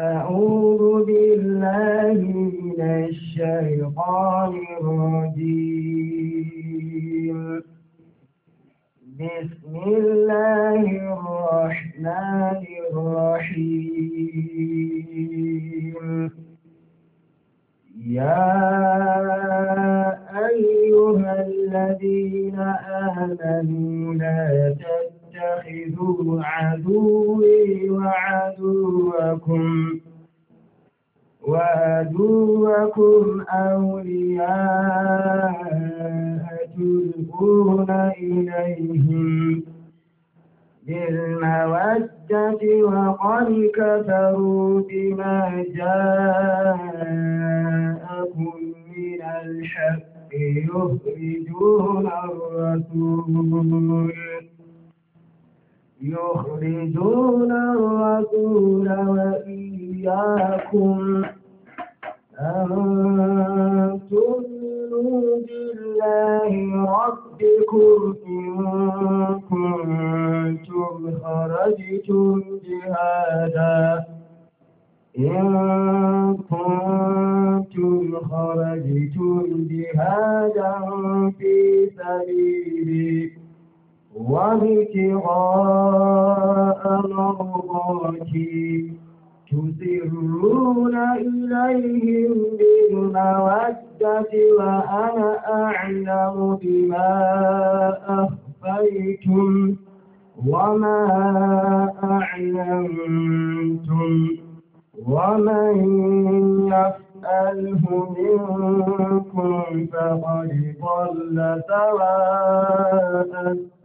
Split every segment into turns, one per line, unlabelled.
أعوذ بالله من الشيطان الرجيم بسم الله الرحمن الرحيم يا أيها الذين آمنوا لا تتبعوا تتخذوا عدوي وعدوكم وعدوكم أولياء تلقون إليهم بالمودة وقد كفروا بما جاءكم من الحق يخرجون الرسول يخرجون الرسول وإياكم أن تؤمنوا بالله ربكم إن كنتم خرجتم جهادا إن كنتم خرجتم جهادا في سبيلي وابتغاء مرضاتي تسرون إليهم بالمودة وأنا أعلم بما أخفيتم وما أعلمتم ومن يفعله منكم فقد ضل سواء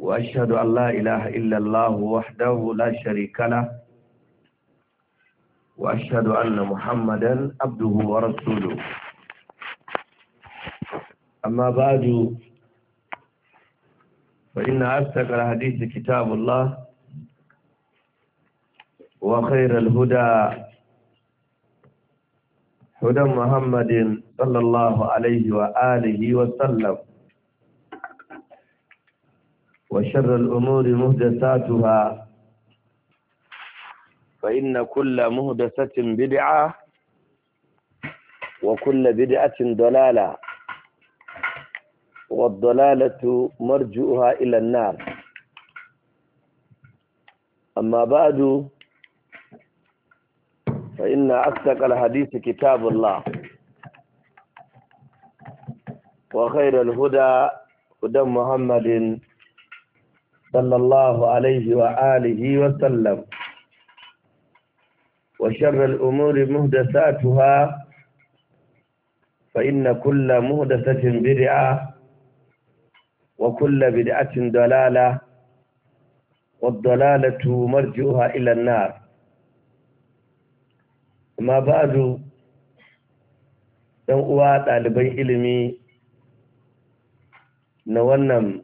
وأشهد أن لا إله إلا الله وحده لا شريك له وأشهد أن محمدا عبده ورسوله أما بعد فإن أصدق الحديث كتاب الله وخير الهدى هدى محمد صلى الله عليه وآله وسلم وشر الأمور مهدساتها فإن كل مهدسة بدعة وكل بدعة ضلالة والضلالة مرجوها إلى النار أما بعد فإن أصدق الحديث كتاب الله وخير الهدى هدى محمد صلى الله عليه وآله وسلم وشر الأمور مهدساتها فإن كل مهدسة بدعة وكل بدعة ضلالة والضلالة مرجوها إلى النار ما بعد ɗan uwa ɗaliban ilimi na wannan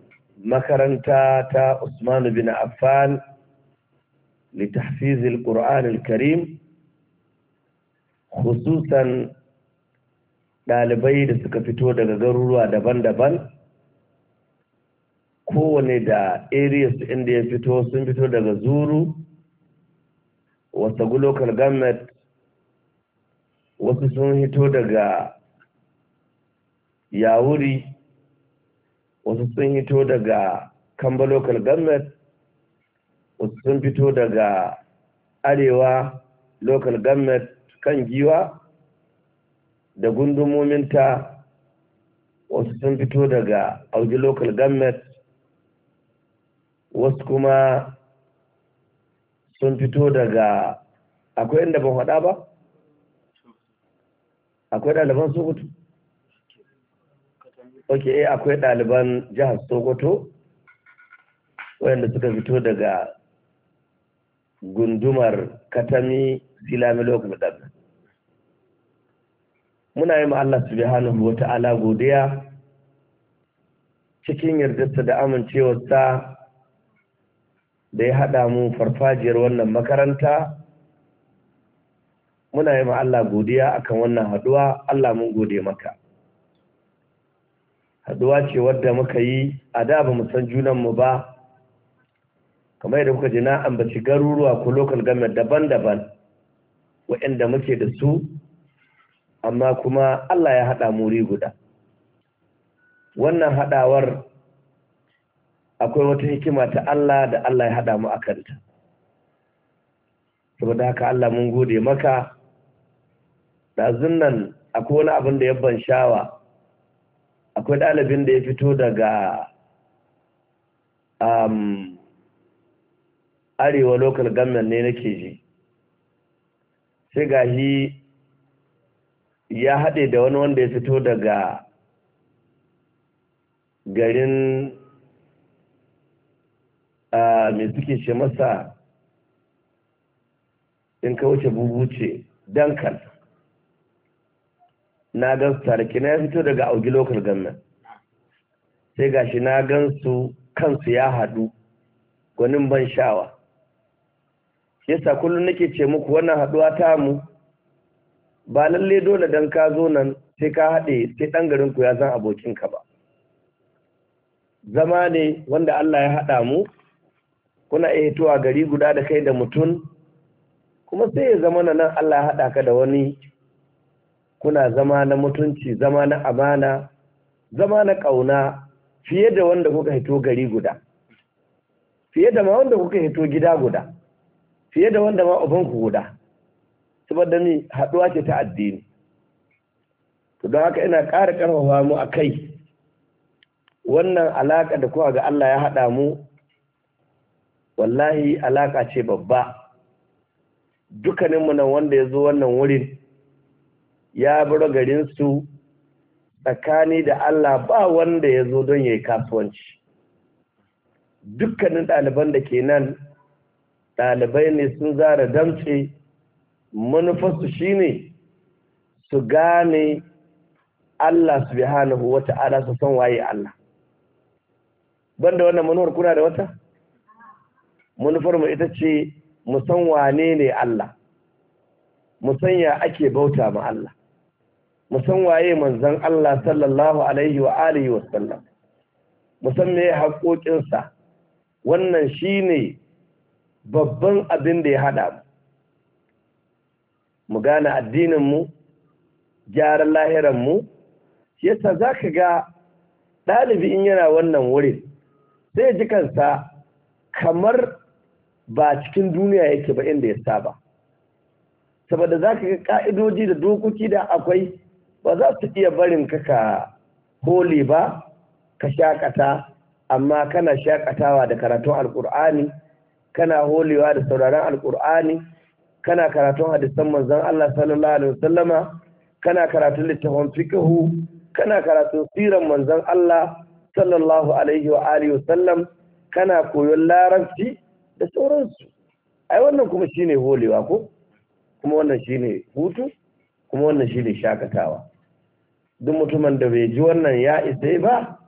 makaranta ta Usman bin Affan لتحفيظ القرآن الكريم خصوصا ɗalibai da suka fito daga garuruwa daban-daban kowane da areas inda ya fito sun fito daga zuru wasu local government wasu sun fito daga yawuri wasu sun hito daga kamba local government wasu sun fito daga arewa local government kan giwa da gundumominta wasu sun fito daga auji local government wasu kuma sun fito daga akwai inda ban faɗa ba akwai ɗaliban su hutu ok okay, eh, akwai ɗaliban jihar sokoto wayanda suka fito daga gundumar katami silami lokacin ɗan muna yi Allah subhanahu wa ta'ala godiya cikin yardarsa da amincewarsa da ya haɗa mu farfajiyar wannan makaranta muna yi Allah godiya akan wannan haɗuwa Allah mun gode maka haduwa ce wadda muka yi a da ba san junanmu ba kamar yadda kuka ji na ambaci garuruwa ko local government daban-daban waɗanda muke da su amma kuma Allah ya haɗa muri guda wannan haɗawar akwai wata hikima ta Allah da Allah ya haɗa mu a kanta saboda haka Allah mun gode maka da zunnan akwai wani abin da ya ban shawa akwai ɗalibin da ya fito daga um, arewa local government ne na ji sai gashi ya haɗe da wani wanda ya fito daga garin uh, mai suke ce masa in ka wuce bubuce dankal na gan su tariki na ya fito daga augi lokal ganna sai gashi na gan su kansu ya haɗu gwanin ban shawa. sha'awa yasa kullum nake ce muku wannan haɗuwa ta mu ba lalle dole dan ka zo nan sai ka haɗe sai ɗan garin ku ya zan abokinka ba zama ne wanda Allah ya haɗa mu kuna iya hitowa gari guda da kai da mutum kuma sai ya zama na nan Allah ya haɗa ka da wani kuna zama na mutunci zama na amana zama na ƙauna fiye da wanda kuka hito gari guda fiye da ma wanda kuka hito gida guda fiye da wanda ma ubanku guda saboda ni haɗuwa ce ta addini to don haka ina ƙara ƙarfafa mu a kai wannan alaƙa da kuwa ga Allah ya haɗa mu wallahi alaƙa ce babba dukkaninmu nan wanda ya zo wannan wurin ya bura garinsu tsakani da Allah ba wanda ya zo don ya yi kasuwanci dukkanin ɗaliban da ke nan ɗalibai ne sun zara damtse manufarsu shine su gane Allah subhanahu wa ta'ala su san waye Allah banda wannan manufar kuna da wata manufar mu ita ce mu san wane ne Allah mu san ya ake bauta ma Allah mu san waye manzon Allah sallallahu alaihi wa alihi wa sallam mu me haƙoƙin sa wannan shine babban abin da ya haɗa mu mu gane addinin mu gyaran lahiran mu yasa zaka ga ɗalibi in yana wannan wurin sai ji kansa kamar ba cikin duniya yake ba inda ya saba saboda za ka ga ka'idoji da dokoki da akwai ba za su iya barin ka ka holi ba ka shakata amma kana shakatawa da karatun alkur'ani kana holewa da sauraron alkur'ani kana karatun hadisan manzon Allah sallallahu alaihi wasallama kana karatun littafin fikahu kana karatun siran manzon Allah sallallahu alaihi wa alihi wasallam kana koyon larabci da sauransu ai wannan kuma shine holewa ko kuma wannan shine hutu kuma wannan shine shakatawa duk mutumin da bai ji wannan ya isa ba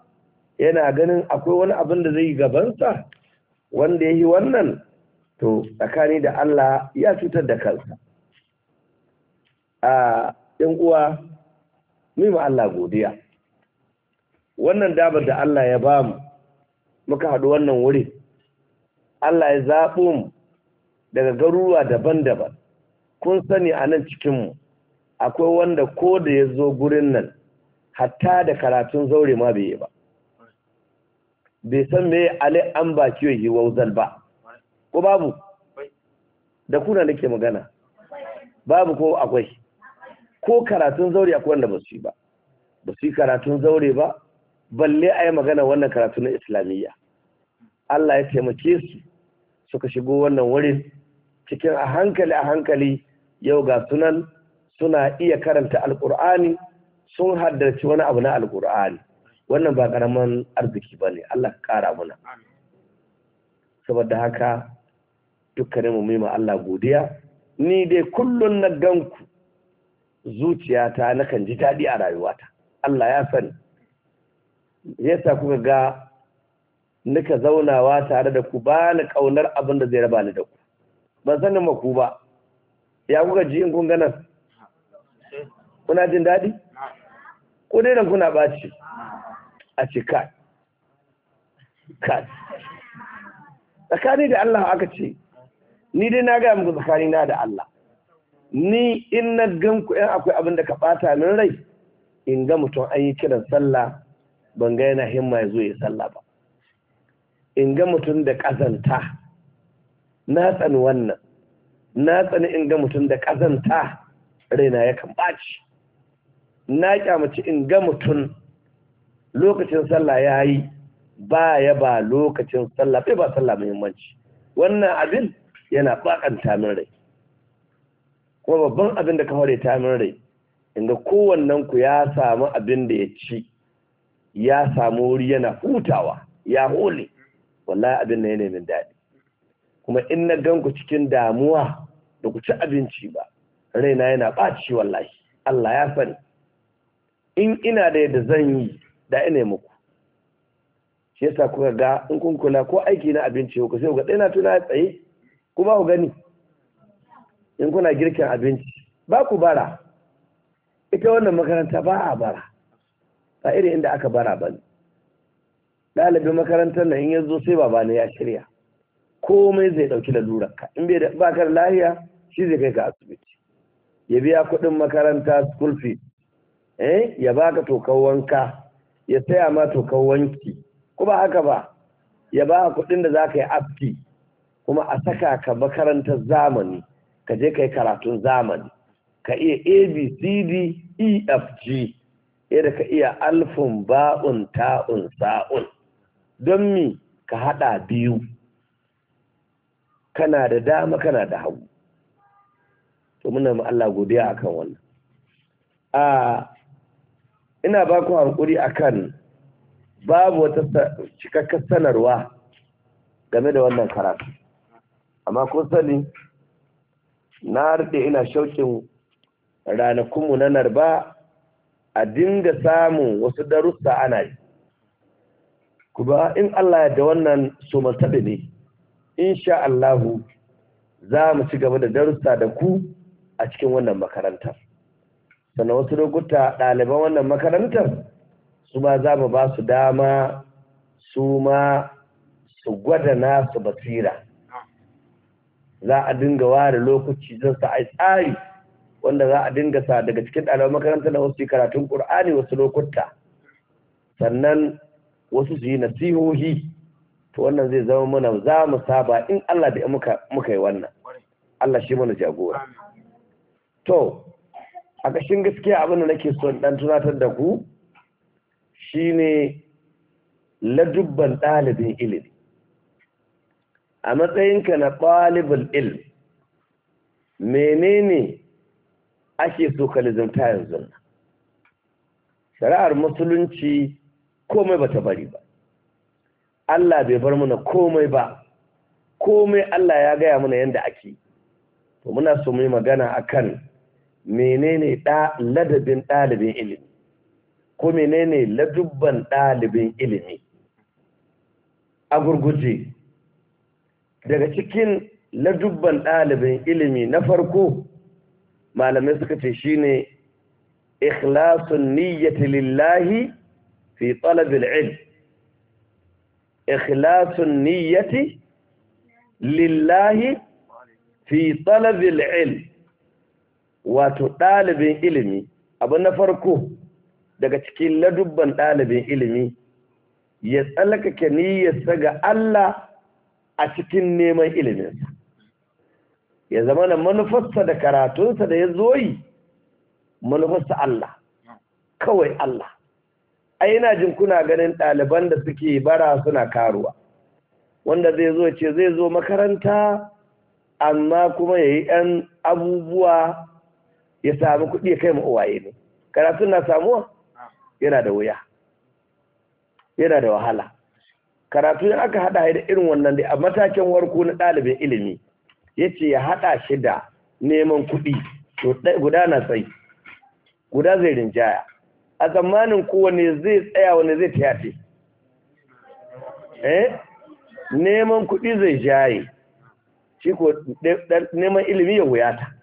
yana ganin akwai wani abin da zai gabansa wanda ya yi wannan to tsakani da Allah ya cutar da kansa a ɗin uwa mima Allah godiya wannan dabar da Allah ya ba mu muka haɗu wannan wuri Allah ya zaɓo mu daga garuruwa daban-daban kun sani a nan cikinmu akwai wanda ko da ya zo gurin nan hatta da karatun zaure ma bai yi ba bai san me ale an ba kiyo yi wauzal ba ko babu da kuna nake magana babu ko akwai ko karatun zaure akwai wanda ba su yi ba ba su yi karatun zaure ba balle a yi magana wannan karatu na islamiyya Allah ya taimake su suka shigo wannan wurin cikin a hankali a hankali yau ga sunan suna iya karanta alkur'ani sun haddace wani abu na alkur'ani wannan ba karaman arziki ba ne Allah ka kara mana saboda haka dukkanin mu mima Allah godiya ni dai kullun na ganku zuciyata na kan ji daɗi a rayuwata Allah ya sani yasa kuka ga nika zaunawa tare da ku ba ni ƙaunar abin da zai raba ni da ku ban sanin ku ba ya kuka ji in kun ganan kuna jin daɗi ko dai kuna baci a ce kai kai tsakani da Allah aka ce ni dai na gaya muku tsakani na da Allah ni in na gan ku ɗan akwai abin da ka ɓata min rai in ga mutum an yi kiran sallah ban ga yana himma ya zo ya sallah ba in ga mutum da kazanta na tsani wannan na tsani in ga mutum da kazanta raina yakan ɓaci na kyamaci in ga mutum lokacin sallah ya yi ba ya ba lokacin sallah bai ba sallah muhimmanci wannan abin yana bakan min rai kuma babban abin da ka hore rai inda kowannen ku ya samu abin da ya ci ya samu wuri yana hutawa ya hole wallahi abin da ya daɗi kuma in na gan ku cikin damuwa da ku ci abinci ba Rai na yana ɓaci wallahi Allah ya sani in ina da yadda zan yi da ina muku shi yasa kuka ga in kun kula ko aiki na abinci ku sai ku ga ɗaya na tuna tsaye kuma ku gani in kuna girkin abinci ba ku bara ita wannan makaranta ba a bara ba irin inda aka bara ba ne ɗalibin makarantar nan in ya zo sai baba ne ya shirya komai zai ɗauki lalurar ka in bai ba ka lahiya shi zai kai ka asibiti ya biya kuɗin makaranta school fees eh ya baka tokan wanka ya saya ma tokan wanki ko ba haka ba ya ba kuɗin da za ka yi afti kuma a saka ka makarantar zamani ka je ka yi karatun zamani ka iya abcd efg yadda ka iya alfun ba'un ta'un sa'un don mi ka haɗa biyu kana da dama kana da hagu to muna ma Allah godiya akan wannan a ah, ina ba ku hankuri akan babu wata cikakkar sanarwa game da wannan karatu amma kun sani na rike ina shaukin ranakunmu na narba a dinga samun wasu darussa ana yi kuma in Allah da wannan so martabe ne insha Allahu za mu ci gaba da darussa da ku a cikin wannan makarantar sannan wasu lokuta ɗaliban wannan makarantar su ma za mu ba su dama su ma su gwada nasu basira za a dinga ware lokaci zan sa a tsari wanda za a dinga sa daga cikin ɗaliban makarantar da wasu karatun ƙur'ani wasu lokuta sannan wasu su yi nasihohi to wannan zai zama mana za mu saba in Allah da muka yi wannan Allah shi mana jagora to a ƙashin gaskiya abin da nake son ɗan tunatar da ku shine ladubban ɗalibin ilimi a matsayinka na ɗalibin ilm menene ake so ka lizimta yanzu shari'ar musulunci komai bata bari ba Allah bai bar mana komai ba komai Allah ya gaya mana yadda ake to muna so mu yi magana akan menene ladabin ɗalibin ilimi ko menene ladubban ɗalibin ilimi a gurguje daga cikin ladubban ɗalibin ilimi na farko malamai suka ce shine ikhlasun niyyati lillahi fi talabil ilm ikhlasun niyyati lillahi fi talabil ilm wato ɗalibin ilimi abu na farko daga cikin ladubban ɗalibin ilimi ya tsallakake niyyarsa ga Allah a cikin neman iliminsa ya zama na manufarsa da karatunsa da ya zo yi manufarsa Allah kawai Allah ai yana jin kuna ganin ɗaliban da suke bara suna karuwa wanda zai zo ce zai zo makaranta amma kuma ya yi ‘yan abubuwa ya samu kuɗi ya kai ma uwaye ne karatun na samuwa yana da wuya yana da wahala karatu in aka haɗa da irin wannan da a matakin warko na ɗalibin ilimi ya ce ya haɗa shi da neman kuɗi guda na sai. guda zai rinjaya a tsammanin kowane zai tsaya wani zai tiyace eh neman kuɗi zai jaye shi ko neman ilimi ya wuyata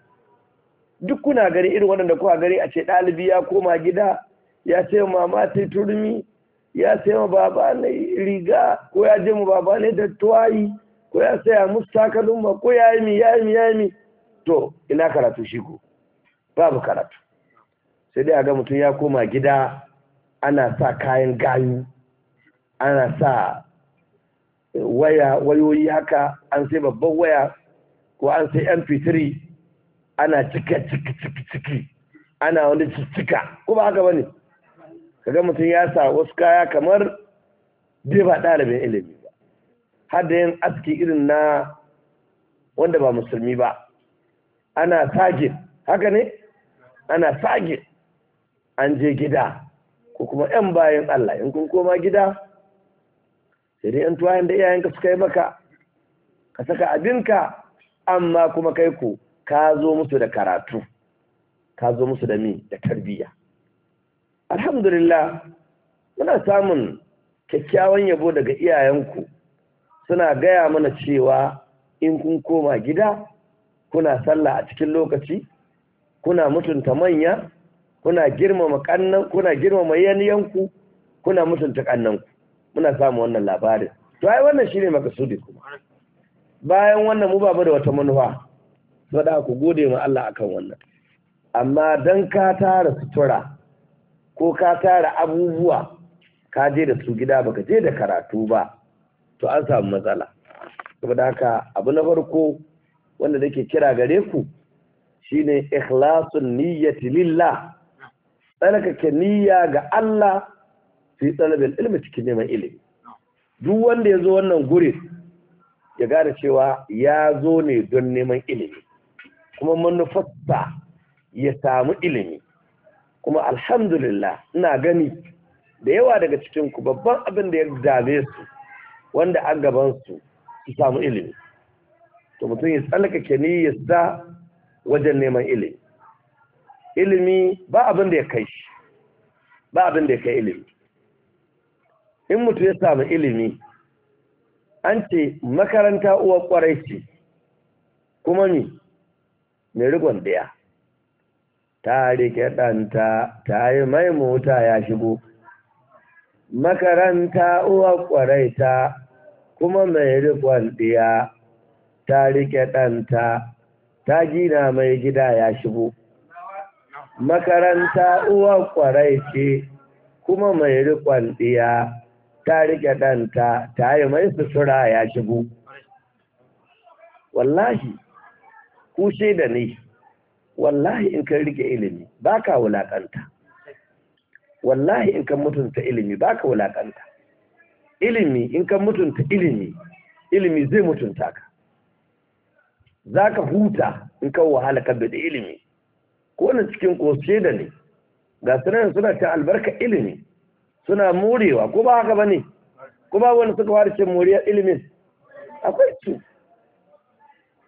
duk kuna gari irin waɗanda kuka gari a ce ɗalibi ya koma gida ya ce mama ta turmi ya sai ma baba ne riga ko ya je ma baba ne da tuwayi ko ya saya musu takalin ma ko ya yi mi ya yi mi ya yi mi to ina karatu shi ko babu karatu sai dai a ga mutum ya koma gida ana sa kayan gayu ana sa waya wayoyi haka an sai babban waya ko an sai mp3 ana cika ciki ciki ciki ana wani cika ko ba haka bane kaga mutum ya sa wasu kaya kamar bai ba ɗalibin ilimi ba har da yin aski irin na wanda ba musulmi ba ana sage haka ne ana sage an je gida ko kuma yan bayan Allah in kun koma gida sai dai yan tuwayen da iyayenka suka yi maka ka saka abinka amma kuma kai ku ka zo musu da karatu ka zo musu da mi da tarbiyya alhamdulillah muna samun kyakkyawan yabo daga iyayenku suna gaya mana cewa in kun koma gida kuna sallah a cikin lokaci kuna mutunta manya kuna girmama kannan kuna girmama yaniyanku kuna mutunta kannanku muna samun wannan labarin to ai wannan shine makasudi kuma bayan wannan mu ba da wata manufa faɗa ku gode ma Allah akan wannan amma dan ka tara sutura ko ka tara abubuwa ka je da su gida baka je da karatu ba to an samu matsala saboda haka abu na farko wanda nake kira gare ku shine ikhlasun niyyati lillah tsarkake niyya ga Allah fi talabil ilmi cikin neman ilimi duk wanda ya zo wannan guri ya gane cewa ya zo ne don neman ilimi kuma manufarta ya samu ilimi kuma alhamdulillah ina gani da yawa daga cikinku babban abin da ya dame su wanda an gaban su samu ilimi to mutum ya ya sa wajen neman ilimi ilimi ba abin da ya kai shi ba abin da ya kai ilimi in mutum ya samu ilimi an ce makaranta uwa kwarai ce kuma ni mai rikon ta rike ɗanta ta yi mai mota ya shigo makaranta uwa ƙwaraita kuma mai rikon ɗiya ta rike ɗanta ta gina mai gida ya shigo makaranta uwa ƙwaraice kuma mai rikon ɗiya ta rike ɗanta ta yi mai sutura ya shigo wallahi ku da ne wallahi in kan rike ilimi baka wulaƙanta. wallahi in kan mutunta ilimi baka wulaƙanta. ilimi in kan mutunta ilimi ilimi zai mutunta ka zaka huta in kan wahala ka da ilimi ko na cikin ko da ne ga sunan suna ta albarka ilimi suna morewa ko ba haka bane ko ba wani suka fara cin moriyar ilimin akwai su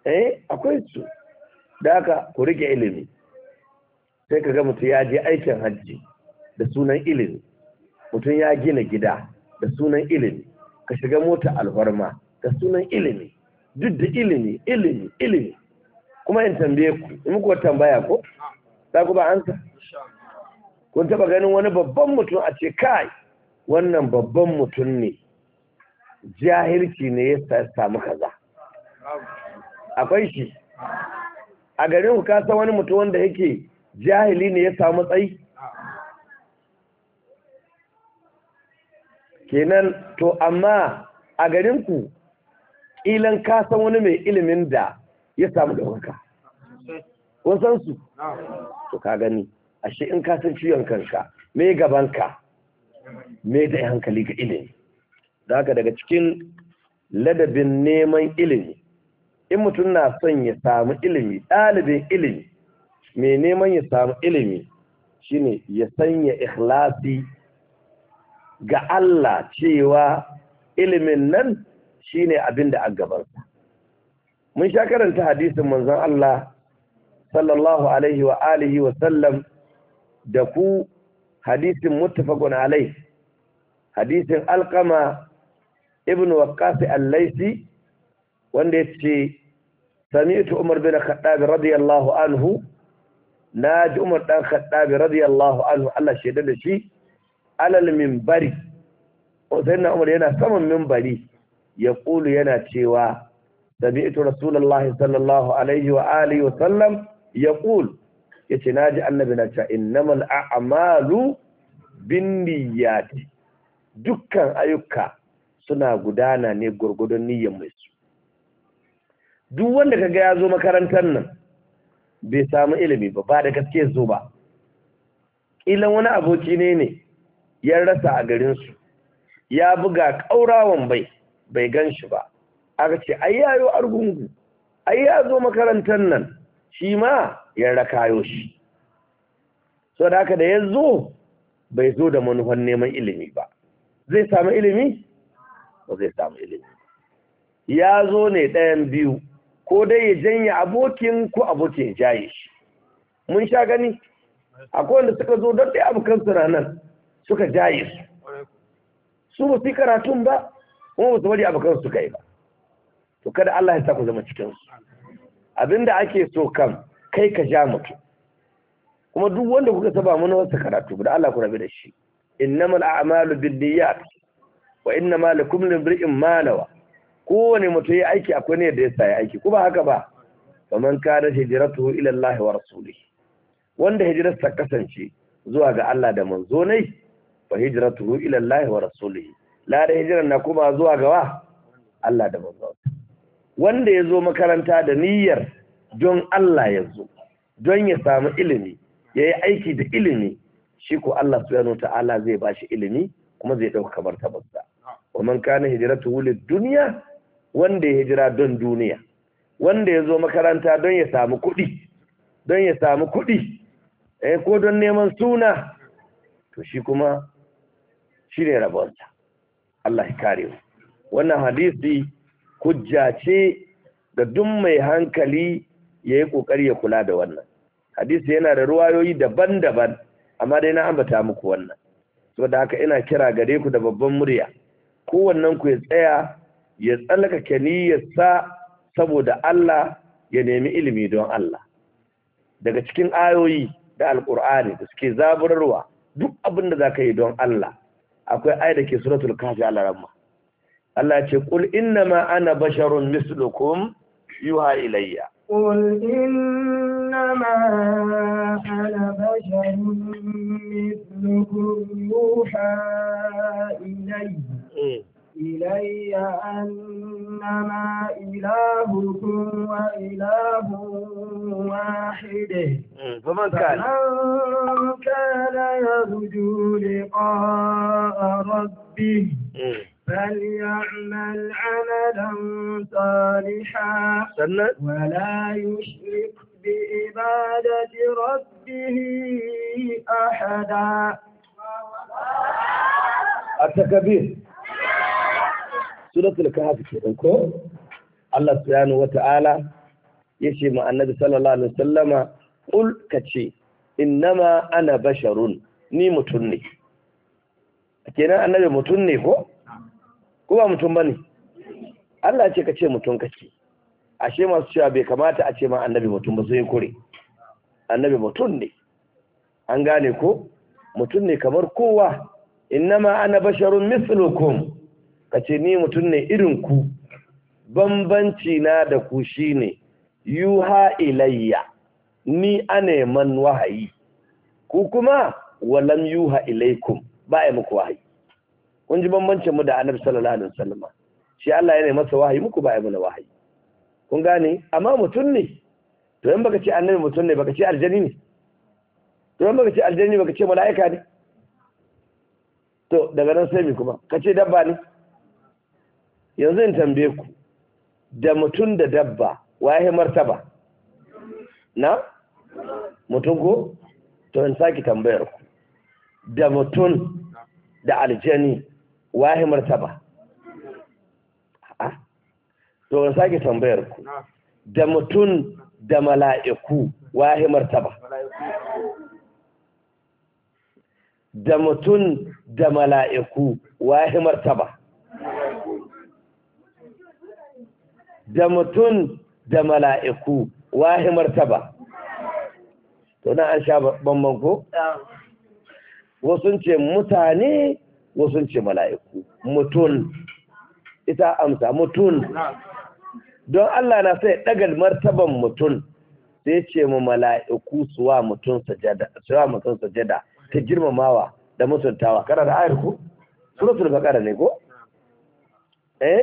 eh akwai su da haka ku rike ilimi sai ka ga mutum ya je aikin hajji da sunan ilimi mutum ya gina gida da sunan ilimi ka shiga mota alfarma da sunan ilimi duk da ilimi ilimi ilimi kuma in tambaye ku in muku tambaya ko za ku ba ansa kun taba ganin wani babban mutum a ce kai wannan babban mutum ne jahilci ne ya samu kaza akwai shi a garin ku kasa wani mutu wanda yake jahili ne ya samu tsayi kenan to amma a garin ku ilan kasa wani mai ilimin da ya samu ɗaukaka wasan su to ka gani ashe in ka san ciwon kanka me gabanka me da hankali ga ilimi da daga cikin ladabin neman ilimi in mutum na son ya samu ilimi ɗalibin ilimi mai neman ya samu ilimi shine ya sanya ikhlasi ga Allah cewa ilimin nan shine abin da a gabansa mun sha karanta hadisin manzon Allah sallallahu alaihi wa alihi wa sallam da ku hadisin muttafaqun alaihi hadisin alqama ibn waqqas allaisi. wanda ya yace sami'tu umar bin khattab radiyallahu anhu naji umar dan khattab radiyallahu anhu Allah shaida da shi alal minbari sayyidina umar yana saman minbari yaqulu yana cewa sami'tu rasulullahi sallallahu alaihi wa alihi wa sallam yaqul yace naji annabi na cewa innamal a'malu binniyati dukkan ayyuka suna gudana ne gurgudun niyyar mai su duk wanda ka ga ya zo makarantar nan bai samu ilimi ba ba da gaske zo ba ƙilan wani aboki ne ne ya rasa a garinsu ya buga ƙaurawan bai bai gan shi ba aka ce ai yayo argungu ai ya zo makarantar nan shi ma ya rakayo shi so da haka da ya zo bai zo da manufan neman ilimi ba zai samu ilimi ba zai samu ilimi ya zo ne ɗayan biyu ko dai ya janya abokin ko abokin ya jaye shi mun sha gani akwai wanda suka zo don ɗaya abokansu su ranar suka jaye su su ba su karatun ba kuma ba su bari abokansu su yi ba to kada Allah ya sa ku zama cikinsu. su abinda ake so kan kai ka ja mutu. kuma duk wanda kuka saba mana wasu karatu da Allah ku rabi da shi innamal a'malu binniyat wa innamal likulli imri'in ma nawa kowane mutum ya aiki akwai ne da ya sa ya aiki ko ba haka ba faman kana hijiratu ila Allah wa rasulihi wanda ta kasance zuwa ga Allah da manzo ne fa hijratuhu ila Allah wa la da hijirar na kuma zuwa ga wa Allah da manzo wanda ya zo makaranta da niyyar don Allah ya zo don ya samu ilimi ya yi aiki da ilimi shi ko Allah subhanahu ta'ala zai ba shi ilimi kuma zai ɗauka kamar tabbata wa man kana hijratuhu lid dunya wanda ya hijira don duniya wanda ya zo makaranta don ya samu kuɗi don ya samu kuɗi eh ko don neman suna to shi kuma shi ne rabonsa Allah ya kare mu wannan hadisi kujja ce da duk mai hankali ya yi ƙoƙari ya kula da wannan hadisi yana da ruwayoyi daban-daban amma dai na ambata muku wannan saboda haka ina kira gare ku da babban murya kowannen ku ya tsaya ya tsallaka sa saboda Allah ya nemi ilimi don Allah daga cikin ayoyi da alkur'ani da suke zaburarwa duk abin da ka yi don Allah akwai ayi da ke suratul kafi Allah ramma Allah ce kul ma ana basharun mislukum wa ilayya
ma ana basharun mislukum yi wa ilayya. Hmm. إلي أنما إلهكم وإله واحد إيه، فمن كان فمن كان يرجو لقاء ربه إيه. فليعمل عملا صالحا ولا يشرك بعبادة ربه
أحدا التكبير suratul kahf ke dauko Allah subhanahu wata'ala yace ma annabi sallallahu alaihi wasallama qul kace innama ana basharun ni mutum ne kenan annabi mutum ne ko ko ba mutun bane Allah ce kace mutum kace ashe masu cewa bai kamata a ce ma annabi mutum ba sai kure annabi mutum ne an gane ko mutum ne kamar kowa innama ana basharun mithlukum ka ce ni mutum ne irin ku bambanci na da ku shine yuha ilayya ni aneman wahayi ku kuma walam yuha ilaikum ba ya muku wahayi kun ji bambancin mu da annabi sallallahu alaihi wasallam shi Allah ya ne masa wahayi muku ba ya mana wahayi kun gane amma mutum ne to in baka ce annabi mutum ne baka ce aljani ne to in baka ce aljani baka ce mala'ika ne to daga nan sai mi kuma ka ce dabba ne yanzu in tambaye ku da mutum da dabba waye martaba na mutum ko to in saki tambayar ku da mutum da aljani waye martaba to in saki tambayar ku da mutum da mala'iku waye martaba da mutum da mala'iku waye martaba da mutum da mala'iku wahi martaba to na an sha bamban ko wasu ce mutane wasu ce mala'iku mutum ita amsa mutum don Allah na sai ɗagal martaban mutum sai ce mu mala'iku suwa mutum sajada ta girmamawa da mutuntawa kana da ayar ku suratul baqara ne ko eh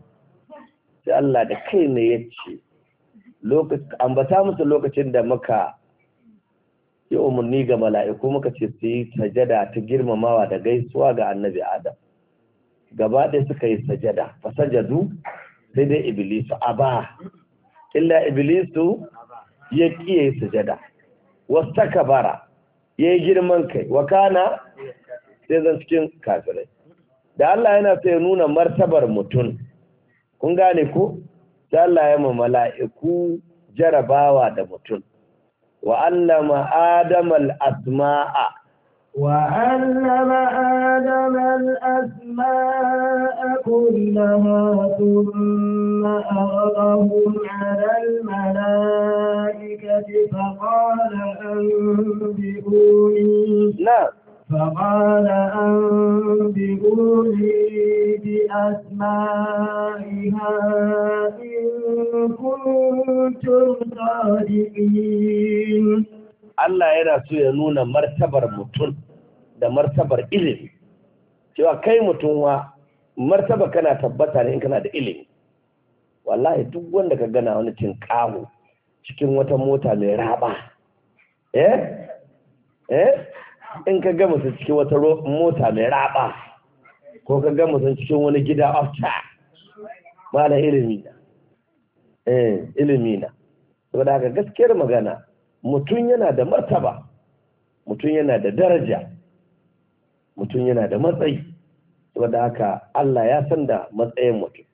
sai Allah da kai ne ya ce ambata musu lokacin da muka yi umarni ga mala'iku muka ce su yi sajada ta girmamawa da gaisuwa ga annabi adam gaba ɗaya suka yi sajada fasajadu sajadu sai dai iblisu aba illa iblisu ya kiyaye sujada Ya yi girman kai Wakana, kana sai zan cikin kafirai da Allah yana sai nuna martabar mutum kun gane ko sai Allah ya ma mala'iku jarabawa da mutum wa allama adamal asmaa wa
allama adamal asmaa kullaha thumma aradahu 'ala al-mala'ikati fa qala anbi'uni na'am فقال أنبئوني بأسمائها إن كنتم صادقين
Allah yana so ya nuna martabar mutum da martabar ilimi cewa kai mutum wa martaba kana tabbata ne in kana da ilimi wallahi duk wanda ka gana wani cin tinkaho cikin wata mota mai raba eh eh in ka gama su cikin wata mota mai raba ko ka gama su cikin wani gida afta da ilimi na eh ilimi na saboda haka gaskiyar magana mutum yana da martaba mutum yana da daraja mutum yana da matsayi saboda haka Allah ya san da matsayin mutum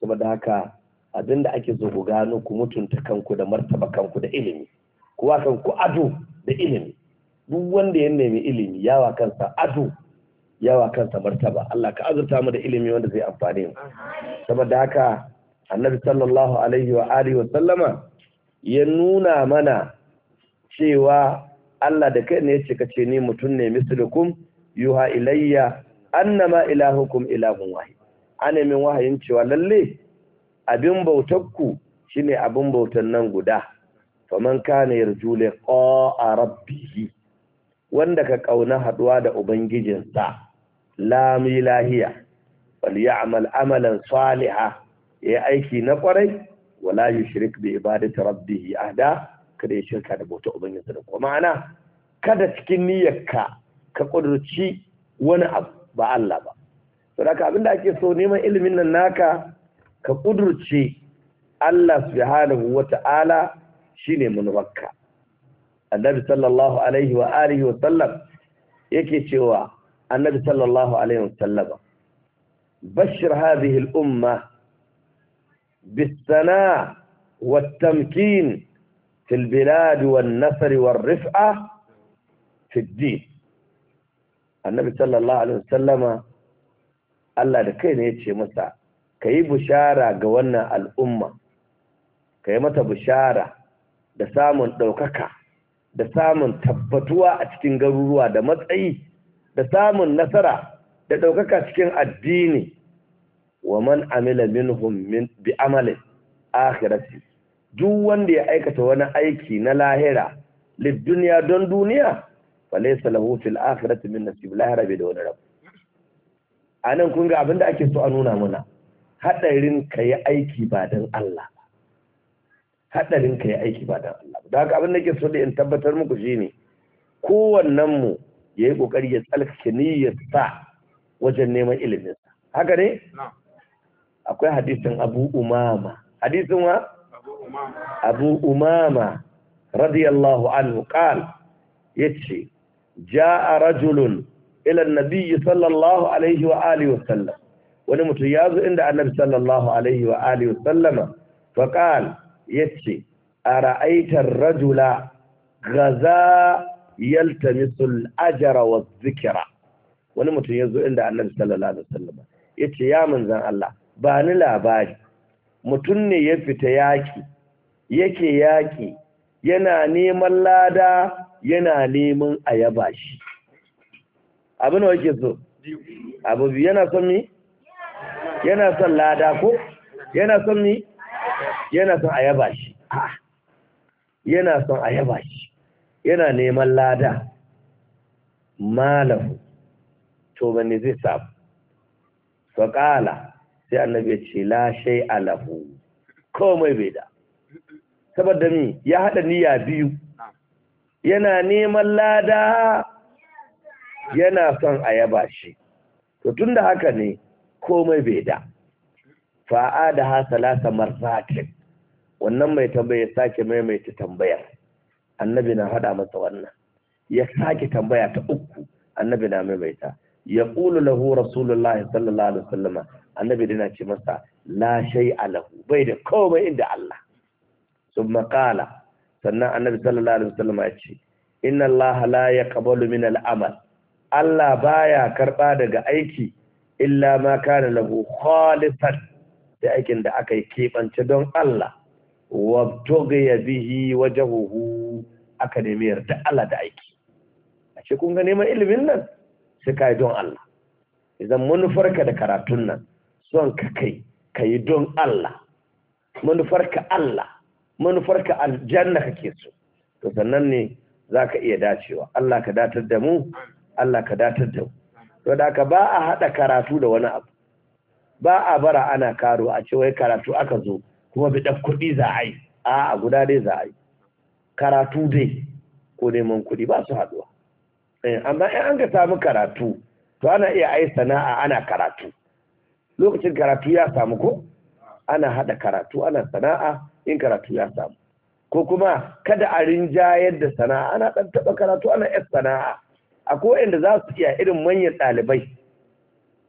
saboda haka abinda ake zo ku gano ku mutunta kanku da martaba kanku da ilimi kuwa kanku ado da ilimi duk wanda ya nemi ilimi yawa kansa ado yawa kansa martaba Allah ka azurta mu da ilimi wanda zai amfane mu saboda haka annabi sallallahu alaihi wa alihi wa sallama ya nuna mana cewa Allah da kai ne ya ce kace ni mutum ne mislukum yuha ilayya annama ilahukum ilahun wahid ana min wahayin cewa lalle abin ku shine abin bautan nan guda faman kana yarju liqa rabbih wanda ka ƙauna haɗuwa da ubangijinsa lami lahiya wal ya'mal amalan saliha yayi aiki na ƙwarai, wala yushrik bi ibadati rabbihi ahda kada ya shirka da bauta ubangijinsa da kuma ma'ana kada cikin niyyarka ka ƙudurci wani abu ba Allah ba to da abin da ake so neman ilimin nan naka ka ƙudurci Allah subhanahu wata'ala shine munwarka annabi sallallahu alaihi wa alihi wa sallam yake cewa annabi sallallahu alaihi wa sallama bashir hadhihi al-umma bis wa wat-tamkin في البلاد والنفر والرفعة في الدين النبي صلى الله عليه وسلم Allah da kai ne ya ce masa ka yi bishara ga wannan al'umma ka yi mata bushara da samun ɗaukaka da samun tabbatuwa a cikin garuruwa da matsayi da samun nasara da ɗaukaka cikin addini wa man amila minhum bi amalin akhirati duk wanda ya aikata wani aiki na lahira lid duniya don duniya fa laysa lahu fil akhirati min nasib lahira bi da wani rabu anan kun ga abinda ake so a nuna muna. hadarin ka aiki ba dan Allah Haɗarin ka yi aiki ba dan Allah da haka abin da ke so da in tabbatar muku ne kowannen mu ya yi ƙoƙari ya tsalkake niyyar sa wajen neman ilimin sa haka ne akwai hadisin Abu Umama hadisin wa Abu Umama radiyallahu anhu qala yace ja'a rajulun ila nabiyyi sallallahu alaihi wa alihi wa sallam wani mutum ya zo inda annabi sallallahu alaihi wa alihi wa sallama fa qala yace ara'aitar rajula gaza yaltamisul ajra wa dhikra wani mutum yazo inda annabi sallallahu alaihi wasallam yace ya manzan Allah ba ni labari mutum ne ya fita yaki yake yaki yana neman lada yana neman ayaba shi abin da yake so abu yana son mi yana son lada ko yana son mi yana son a yaba shi yana son a yaba shi yana neman lada malam to bane zai samu faƙala sai annabi ya ce la shay alahu komai bai da saboda ni ya haɗa niyya biyu yana neman lada yana son a yaba shi to tunda haka ne komai bai da fa'a da ha salasa marratin wannan mai tambaya ya sake maimaita tambayar annabi na haɗa masa wannan ya sake tambaya ta uku annabi na maimaita ya ƙulu lahu rasulullahi sallallahu alaihi wasallam annabi dina ce masa la shay alahu bai da komai inda Allah sun maƙala sannan annabi sallallahu alaihi wasallam ya ce inna Allah la yaqbalu min al-amal Allah baya karba daga aiki illa ma kana lahu khalisan da aikin da aka yi kebance don Allah wabtogaya bihi wajahuhu aka nemi yarda Allah da aiki a ce kun ga neman ilimin nan sai ka yi don Allah idan manufarka da karatun nan son ka kai ka yi don Allah manufarka Allah manufarka aljanna kake so to sannan ne za ka iya dacewa Allah ka datar da mu Allah ka datar da mu to da ka ba a haɗa karatu da wani abu ba a bara ana karo a ce wai karatu aka zo kuma ɗan kuɗi za a yi a guda dai za a yi karatu dai ko neman kuɗi ba su haɗuwa eh, amma in an ka samu karatu to ana iya ai sana'a ana karatu lokacin karatu ya samu ko ana haɗa karatu ana sana'a in karatu ya samu ko kuma kada a rinjayar da sana'a ana ɗan taɓa karatu ana yar sana'a a ko inda za su iya irin manyan ɗalibai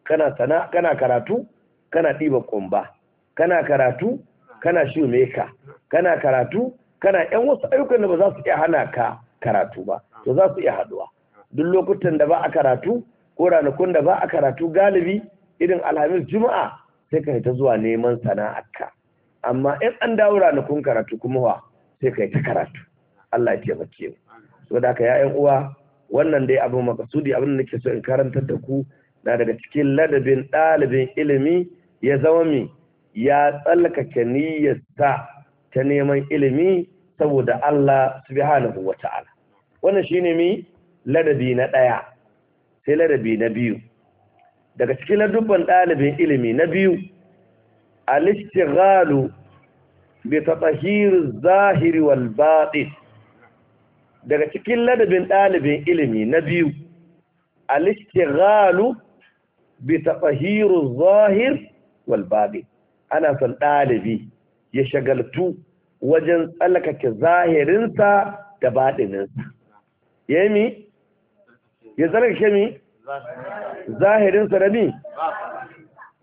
kana sana'a kana karatu kana ɗiba kumba kana karatu kana shumeka kana karatu kana yan wasu ayyukan da ba za su iya hana ka karatu ba to za su iya haduwa duk lokutan da ba a karatu ko ranakun da ba a karatu galibi irin alhamis juma'a sai ka ta zuwa neman sana'arka amma in an dawo ranakun karatu kuma wa sai ka ta karatu Allah ya taimake mu saboda haka ya yan uwa wannan dai abin makasudi abin da nake so in karantar da ku na daga cikin ladabin ɗalibin ilimi ya zama mi ya tsallakake niyyarsa ta neman ilimi saboda Allah subhanahu wa ta'ala wannan shine mi ladabi na ɗaya sai ladabi na biyu daga cikin ladubban ɗalibin ilimi na biyu al-ishtighalu bi tatahhir zahiri wal batin daga cikin ladabin ɗalibin ilimi na biyu al-ishtighalu bi tatahhir zahir wal batin ana son ɗalibi ya shagaltu wajen tsallakake zahirinsa da baɗininsa Yemi ya tsallakake mi zahirinsa da mi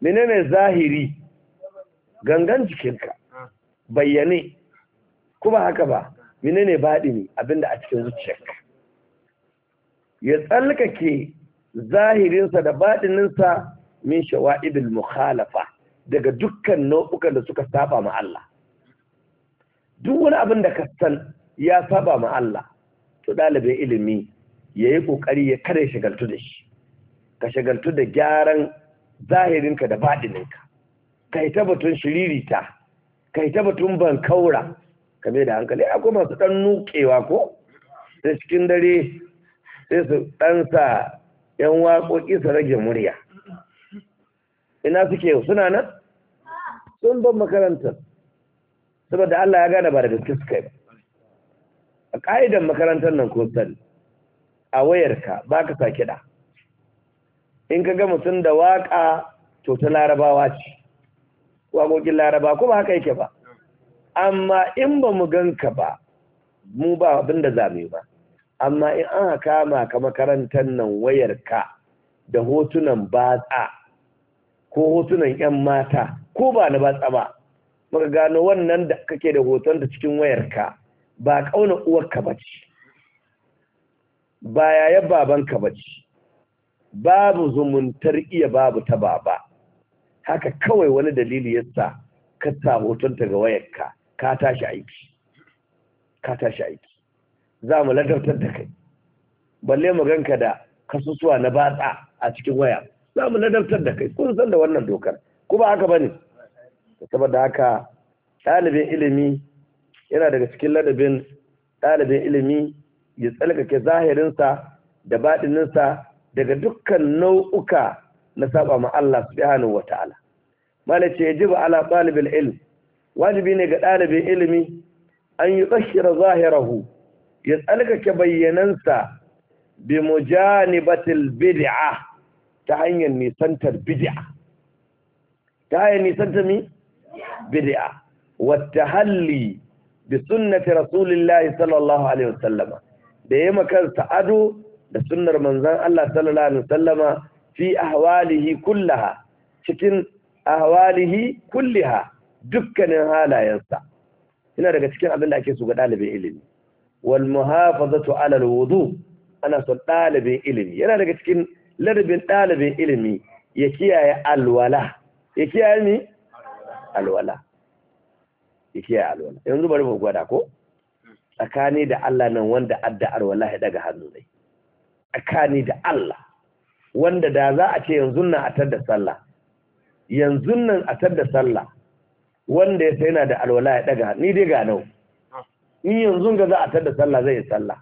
menene zahiri gangan jikinka bayyane kuma haka ba menene baɗini abinda a cikin zuciyarka ya tsallakake zahirinsa da baɗininsa min shawa'idul mukhalafa daga dukkan nau'ukan da suka saba ma Allah duk wani abin da ka san ya saba ma Allah to ɗalibin ilimi ya yi ƙoƙari ya kada shagaltu da shi ka shagaltu da gyaran zahirinka da baɗininka ka yi tabbatun shiririta ka yi tabbatun bankaura ka mai da hankali akwai masu ɗan nukewa ko da cikin dare sai su ɗansa yan waƙoƙi su rage murya ina suke suna nan sun makarantar saboda Allah ya gane ba da gaske ba, a ƙa'idan makarantar nan ko sani a wayarka ba ka sake kiɗa in ka gama sun da waƙa to ta larabawa ce waƙoƙin laraba kuma haka yake ba amma in ba mu ganka ba mu ba abin da zame ba amma in an kama ka makarantar nan wayarka da hotunan batsa ko hotunan 'yan mata ko ba na batsa ba muka gano wannan da kake da hoton da cikin wayarka ba kauna uwarka ba ce ba yayan babanka ba ce babu zumuntar iya babu ta baba haka kawai wani dalili yasa ka sa hotonta ga wayarka ka tashi aiki ka tashi aiki za mu ladabtar da kai balle mu ganka da kasusuwa na batsa a cikin waya za mu ladabtar da kai kun san da wannan dokar kuma haka bane saboda haka ɗalibin ilimi yana daga cikin ladabin ɗalibin ilimi ya tsalkake zahirinsa da baɗininsa daga dukkan nau'uka na saba ma Allah subhanahu wa ta'ala ji yajibu ala ɗalibin ilm wajibi ne ga ɗalibin ilimi an yi tsakira zahirahu ya tsalkake bayyanansa bi mujanibatil bid'a ta hanyar nisantar bid'a ta hanyar nisantar mi bid'a wata halli bi sunnati rasulillahi sallallahu alaihi wasallama da ya makansa ado da sunnar manzon Allah sallallahu alaihi wasallama fi ahwalihi kullaha cikin ahwalihi kulliha dukkanin halayensa ina daga cikin abin da ake so ga ɗalibin ilimi wal muhafazatu ala wudu ana son ɗalibin ilimi yana daga cikin ladabin ɗalibin ilimi ya kiyaye alwala ya kiyaye ni alwala ya alwala yanzu bari mu gwada ko tsakani da Allah nan wanda adda alwala ya daga hannu dai tsakani da Allah wanda da za a ce yanzu nan a tar da sallah yanzu nan a tar da sallah wanda ya sai yana da alwala ya daga ni dai ga nau in yanzu ga za a tar da sallah zai yi sallah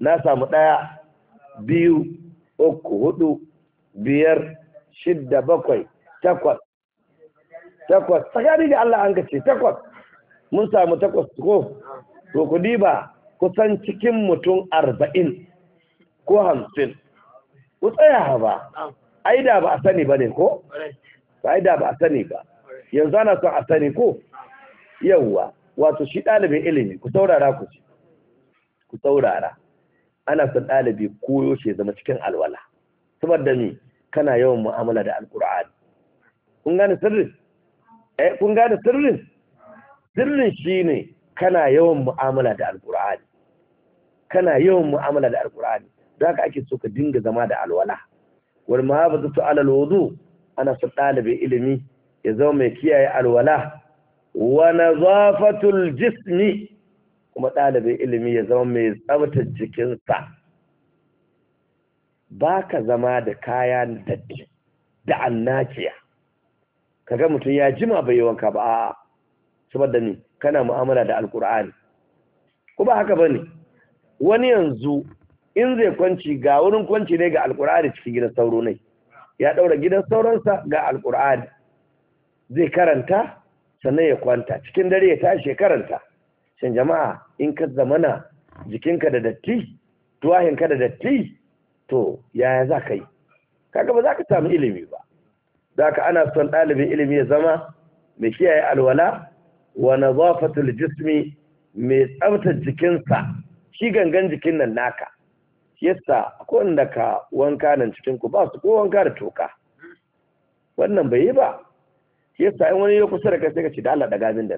na samu ɗaya biyu uku hudu biyar shidda bakwai takwas takwas tsakani da Allah an ce takwas mun samu takwas ko to ku diba kusan cikin mutum arba'in ko hamsin ku tsaya ba ai da ba a sani ba ne ko ai da ba a sani ba yanzu ana son a sani ko yawwa wato shi ɗalibin ilimi ku saurara ku ci ku saurara ana son ɗalibi koyo shi zama cikin alwala saboda ni kana yawan mu'amala da alkur'ani kun gane sirri eh kun gane sirrin sirrin shine kana yawan mu'amala da alqur'ani kana yawan mu'amala da alqur'ani za ka ake so ka dinga zama da alwala wal muhafazatu ala alwudu ana so ɗalibin ilimi ya zama mai kiyaye alwala wa nazafatul jismi kuma ɗalibin ilimi ya zama mai tsabtar jikinsa ba ka zama da kaya da annakiya kaga mutum ya jima bai yi wanka ba a'a saboda ni kana mu'amala da alkur'ani ko ba haka bane wani yanzu in zai kwanci ga wurin kwanci ne ga alkur'ani cikin gidan sauro ne ya daura gidan sauransa ga alkur'ani zai karanta sannan ya kwanta cikin dare ya tashi ya karanta shin jama'a in ka zamana jikinka da datti tuwahinka da datti to yaya za ka yi kaga ba za ka samu ilimi ba ذاك ka ana son ɗalibin ilimi ya zama mai kiyaye alwala wa nazafatul jismi mai tsabtar jikinsa shi gangan jikin nan naka yasa akwai da ka wanka nan ko wanka da toka wannan bai yi ba yasa in wani ya kusa da kai sai ka ce da Allah daga min da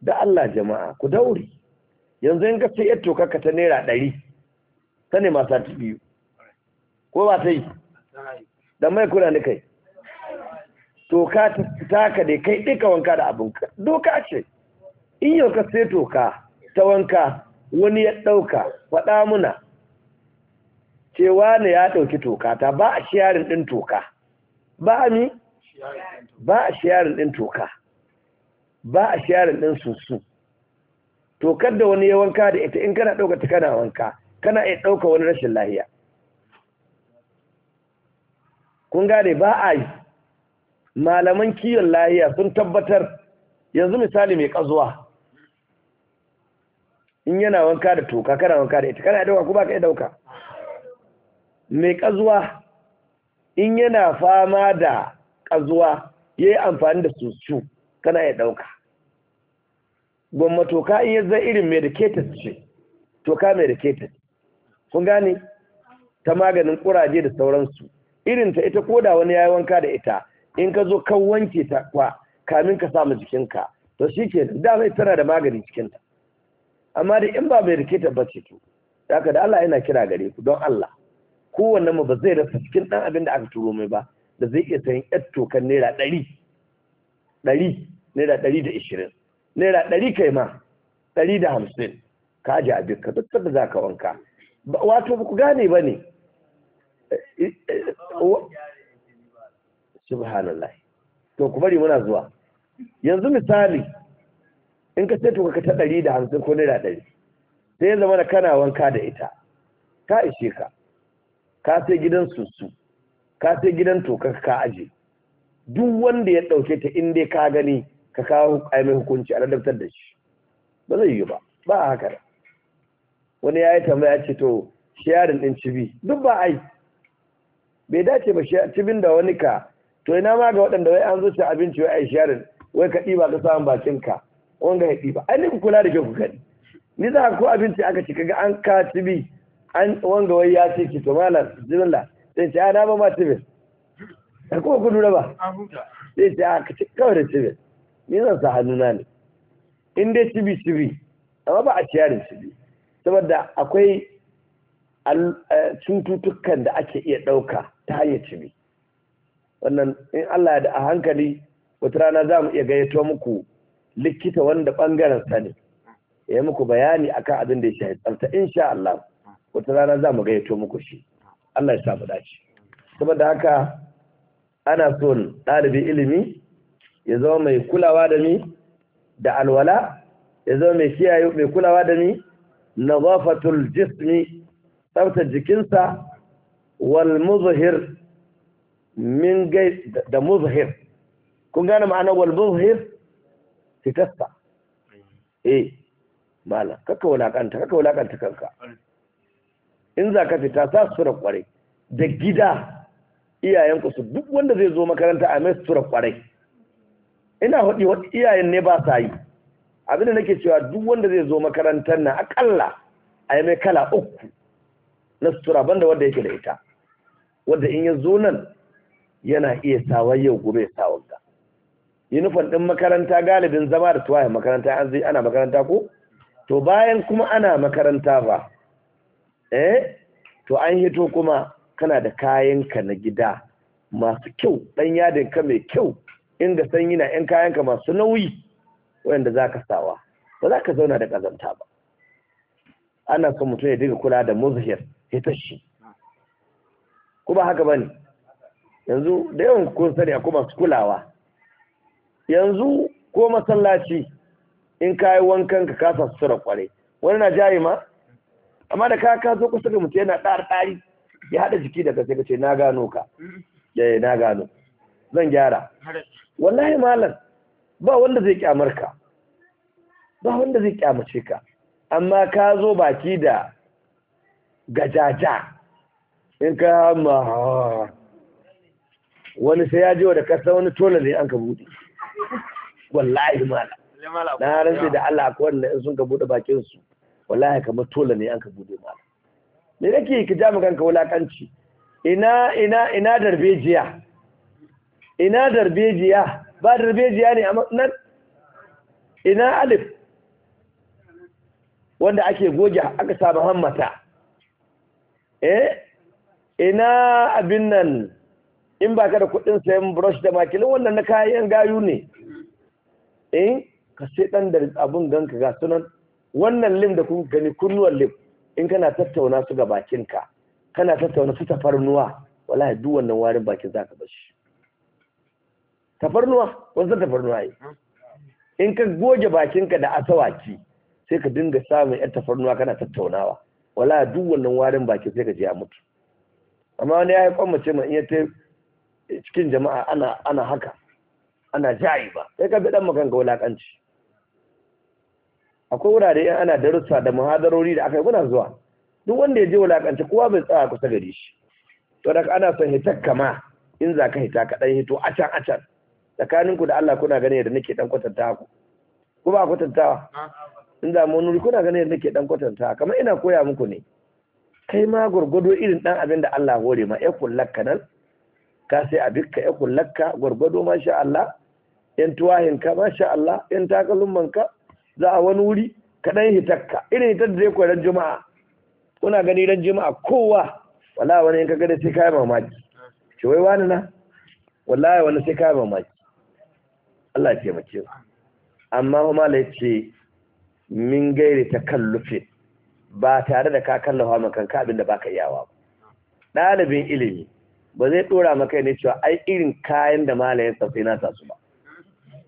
da Allah jama'a ku dauri yanzu in ka ce toka ka ta naira ɗari ta ne masu biyu ko ba ta yi da mai kula ni kai toka ta taka da kai duka wanka da ka. doka ce in yau ka sai toka ta wanka wani ya ɗauka faɗa muna cewa ne ya ɗauki toka ta ba a shiyarin ɗin toka ba a mi ba a shiyarin ɗin toka ba a shiyarin ɗin susu tokar da wani ya wanka da ita in kana ɗauka ta kana wanka kana iya ɗauka wani rashin lahiya kun gane ba a yi malaman kiyon lahiya sun tabbatar yanzu misali mai kazuwa in yana wanka da toka kana wanka da ita kana ya dauka ko baka ya dauka mai kazuwa in yana fama da kazuwa ya yi amfani da susu kana ya dauka gwamma toka in irin zai irin medicated ce toka mai da medicated kun gane ta maganin kuraje da sauransu irinta ita koda wani ya yi wanka da ita in ka zo kan wanke ta kwa kamin ka samu jikinka to shi ke da zai tana da magani cikinta amma da in ba mai rike ta bace to haka da Allah yana kira gare ku don Allah kowanne mu ba zai rasa cikin dan abin da aka turo mai ba da zai iya sayan yar tokan naira ɗari ɗari naira ɗari da ishirin naira ɗari kai ma ɗari da hamsin ka ji abin ka duk da za ka wanka wato ba ku gane ba ne eh, eh, eh, subhanallah to ku bari muna zuwa yanzu misali in ka sai ka ta ɗari da hamsin ko naira ɗari sai ya zama da kana wanka da ita ka ishe ka ka sai gidan susu ka sai gidan toka ka aje duk wanda ya ɗauke ta in dai ka gani ka kawo aimin hukunci a ladabtar da shi ba zai yi ba ba a haka wani ya yi tambaya ce to sharing ɗin cibi duk ba ai bai dace ba cibin da wani ka to ina ma ga waɗanda wai an zo cin abinci wai ai sharin wai ka ɗiba ka samu bakin ka wanga ya ɗiba ai ni ku kula da ke ku kaɗi ni za ko abinci aka ci kaga an ka tibi an wanga wai ya ce ki to malam bismillah sai ce ana ah, ba ma tibin da kuma ku dura ba sai ce aka ah, ci kawai da tibin ni zan sa hannuna ne in dai tibi tibi amma ba a ciyarin tibi saboda akwai eh, cututtukan da ake iya ɗauka ta hanyar cibi wannan in Allah da a hankali wata rana za mu iya gayyato muku likita wanda bangaren sa ne ya muku bayani akan abin da ya shafi tsafta insha Allah wata rana za mu gayyato muku shi Allah ya sa mu dace saboda haka ana son ɗalibi ilimi ya zama mai kulawa da mi da alwala ya zama mai kiyaye mai kulawa da mi nazafatul jismi tsaftar jikinsa wal muzhir min gai da muzhir kun gane ma'ana wal muzhir fitarsa eh mala kaka wulakanta kaka wulakanta kanka in za ka fita sa sura kwarai da gida iyayenku su duk wanda zai zo makaranta a mai sura kwarai ina haɗi wa iyayen ne ba sa yi abinda nake cewa duk wanda zai zo makarantar na akalla a mai kala uku na sutura banda wanda yake da ita wanda in ya zo nan yana iya sawa yau gobe ya sa ɗin uniform din makaranta galibin zama da tuwaye makaranta an zai ana makaranta ko to bayan kuma ana makaranta ba eh to an hito kuma kana da kayan ka na gida masu kyau dan yadin ka mai kyau inda sanyi na yan kayanka masu nauyi wanda zaka sawa ba za zauna da kazanta ba ana son mutum ya diga kula da muzhir hitashi kuma haka bane yanzu da yawan kun sani kuma masu kulawa yanzu ko masallaci in ka yi wankan ka kasa sutura kwarai wani na jayi ma amma da ka ka zo kusa ga mutum yana ɗar ɗari ya haɗa jiki daga sai ka ce na gano ka ya eh, na gano zan gyara wallahi malam ba wanda zai kyamar ka ba wanda zai kyamace ka amma ka zo baki da gajaja in ka ma wani sai ya ji da kasa wani tona ne an ka buɗe wallahi mala na rantsi da Allah ko wanda in sun ka buɗe bakin su wallahi kamar tola ne an ka buɗe mala me nake ka ja kanka wulakanci ina ina ina darbejiya ina darbejiya ba darbejiya ne a nan ina alif wanda ake goge aka samu hammata eh ina abin nan in ba ka da kuɗin sayan brush da makilin wannan na kayan gayu ne eh ka sai ɗan da abin ganka ga sunan wannan lim da kun gani kunnuwan lim in kana tattauna su ga bakinka kana tattauna su tafarnuwa wallahi duk wannan warin bakin zaka bar shi tafarnuwa wanzan tafarnuwa yi in ka goge bakinka da asawaki sai ka dinga samun yar tafarnuwa kana tattaunawa wallahi duk wannan warin bakin sai ka je a mutu amma wani ya yi kwamace ma iya ta cikin jama'a ana ana haka ana jayi ba sai ka bi dan makanka wulakanci akwai wurare in ana darussa da muhadarori da aka yi kuna zuwa duk wanda ya je wulakanci kowa bai tsaya kusa gare shi to da ana son hitar kama in za ka hita ka dan hito a can a can tsakaninku da Allah kuna gane da nake dan kwatanta ku Ku ba kwatantawa in za mu nuri kuna yadda nake dan kwatanta kamar ina koya muku ne kai ma gurgudo irin dan abin da Allah hore ma ya eh, kullaka nan ka sai a dukka ya kullakka gwargwado masha Allah yan tuwahinka masha Allah yan ka za a wani wuri kaɗan hitakka irin hitar da zai koyi ran juma'a kuna gani ran juma'a kowa wala wani in ka gani sai kayan mamaki ce wai wani na wallahi wani sai kayan mamaki Allah ya taimake mu amma kuma la ce min gaire ta kallufin ba tare da ka kallafa ma kanka abinda da baka iyawa ba ɗalibin ilimi ba zai dora maka ne cewa ai irin kayan da malayin sa sai na sa su ba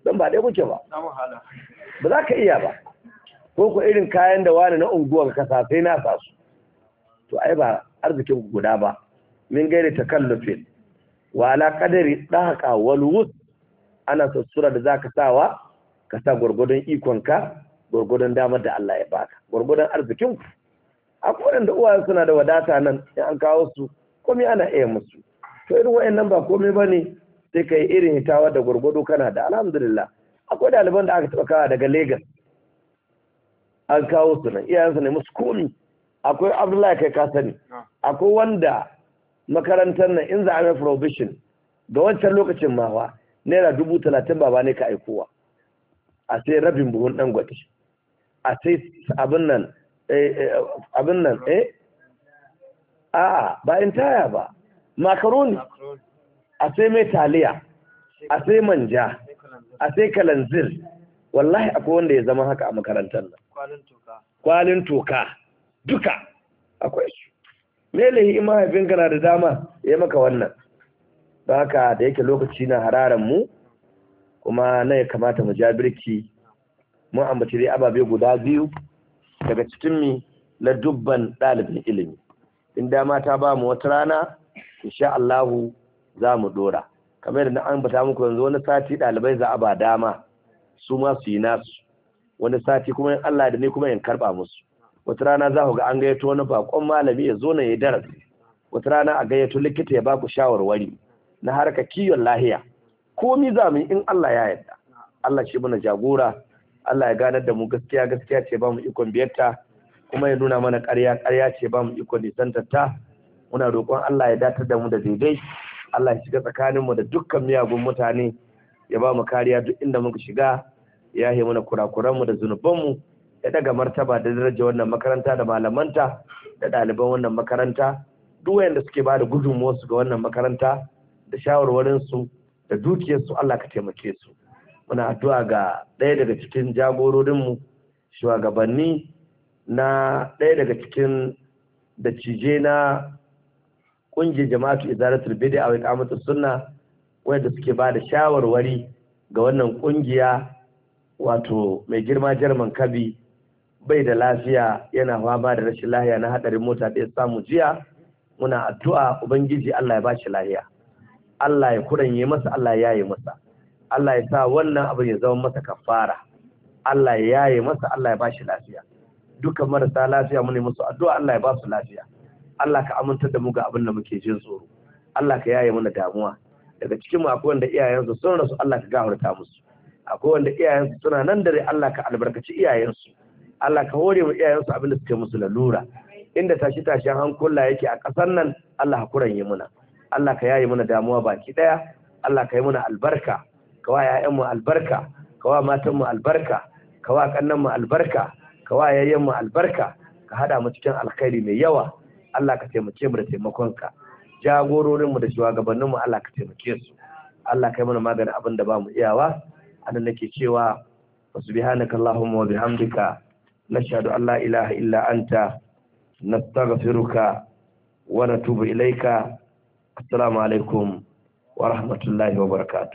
don ba dai kuke ba ba za ka iya ba ko ku irin kayan da wani na unguwar ka sa sai na sa su to ai ba arzikin guda ba min gaire takallufin wa ala ɗan haƙa wal ana sassura da zaka sawa ka sa gurgudun ikonka gurgudun damar da Allah ya baka gurgudun arzikin ku akwai wanda uwaye suna da wadata nan in an kawo su komai ana iya musu to irin wayannan ba komai ba ne sai ka yi irin hitawa da gwargwado kana da alhamdulillah akwai ɗaliban da aka taɓa kawa daga Legas an kawo su nan iyayensu ne musu komi akwai abdullahi kai ka sani akwai wanda makarantar nan in za a mai provision da wancan lokacin mawa naira dubu talatin baba ne ka aikowa a sai rabin buhun ɗan gwaji a sai abin nan eh, eh, abin nan eh a'a ba in taya ba makaroni a sai mai taliya a sai manja a sai kalanzir wallahi akwai wanda ya zama haka a makarantar nan kwalin toka duka akwai shi melehi in mahaifinka na da dama ya maka wannan ba haka da yake lokaci na hararan mu kuma na ya kamata mu ja birki mun ambaci dai ababe guda biyu daga cikin mi na dubban ɗalibin ilimi in dama ta ba mu wata rana insha Allah za mu dora kamar yadda an bata muku yanzu wani sati ɗalibai za a ba dama su ma su yi nasu wani sati kuma in Allah da ni kuma in karba musu wata rana za ku ga an gayyato wani bakon malami ya zo na ya darasi wata rana a gayyato likita ya baku shawarwari na harka kiwon lahiya komi za mu in Allah ya yarda Allah shi mana jagora Allah ya ganar da mu gaskiya gaskiya ce ba mu ikon biyarta kuma ya nuna mana ƙarya ƙarya ce ba mu ikon tattata. muna roƙon Allah ya datar da mu da daidai Allah ya shiga tsakanin mu da dukkan miyagun mutane ya ba mu kariya duk inda muka shiga ya yi mana kurakuran mu da zunuban mu ya daga martaba da daraja wannan makaranta da malamanta da ɗaliban wannan makaranta duk wanda suke ba da gudunmuwarsu ga wannan makaranta da shawarwarin su da dukiyarsu Allah ka taimake su muna addu'a ga ɗaya daga cikin jagororinmu shugabanni na ɗaya daga cikin da cije na ƙungiyar jama'atu idaratul bid'a wa iqamatus sunna wanda suke ba da shawarwari ga wannan kungiya wato mai girma jarman kabi bai da lafiya yana fama da rashin lahiya na hadarin mota da ya samu jiya muna addu'a ubangiji Allah ya bashi lahiya Allah ya kuranye masa Allah ya yi masa Allah ya sa wannan abin ya zama masa kafara Allah ya yi masa Allah ya bashi lafiya duka marasa lafiya mu ne musu addu'a Allah ya ba su lafiya Allah ka amintar da mu ga abin da muke jin tsoro Allah ka yaye mana damuwa daga cikin mu akwai wanda iyayensu sun rasu Allah ka gafarta musu akwai wanda iyayensu suna nan dare Allah ka albarkaci iyayensu Allah ka hore mu iyayensu abin da suke musu lalura inda tashi an hankula yake a ƙasar nan Allah hakuran yi muna Allah ka yaye mana damuwa baki daya Allah ka yi mana albarka ka wa ƴaƴanmu albarka ka wa matanmu albarka ka wa kannanmu albarka ka wa yayyanmu albarka ka hada mu cikin alkhairi mai yawa Allah ka taimake mu da taimakonka jagororin mu da shugabannin mu Allah ka taimake su Allah kai mana maganin abin da bamu iyawa anan nake cewa subhanaka allahumma wa bihamdika nashhadu an la ilaha illa anta nastaghfiruka wa natubu ilaika assalamu alaikum wa rahmatullahi
wa barakatuh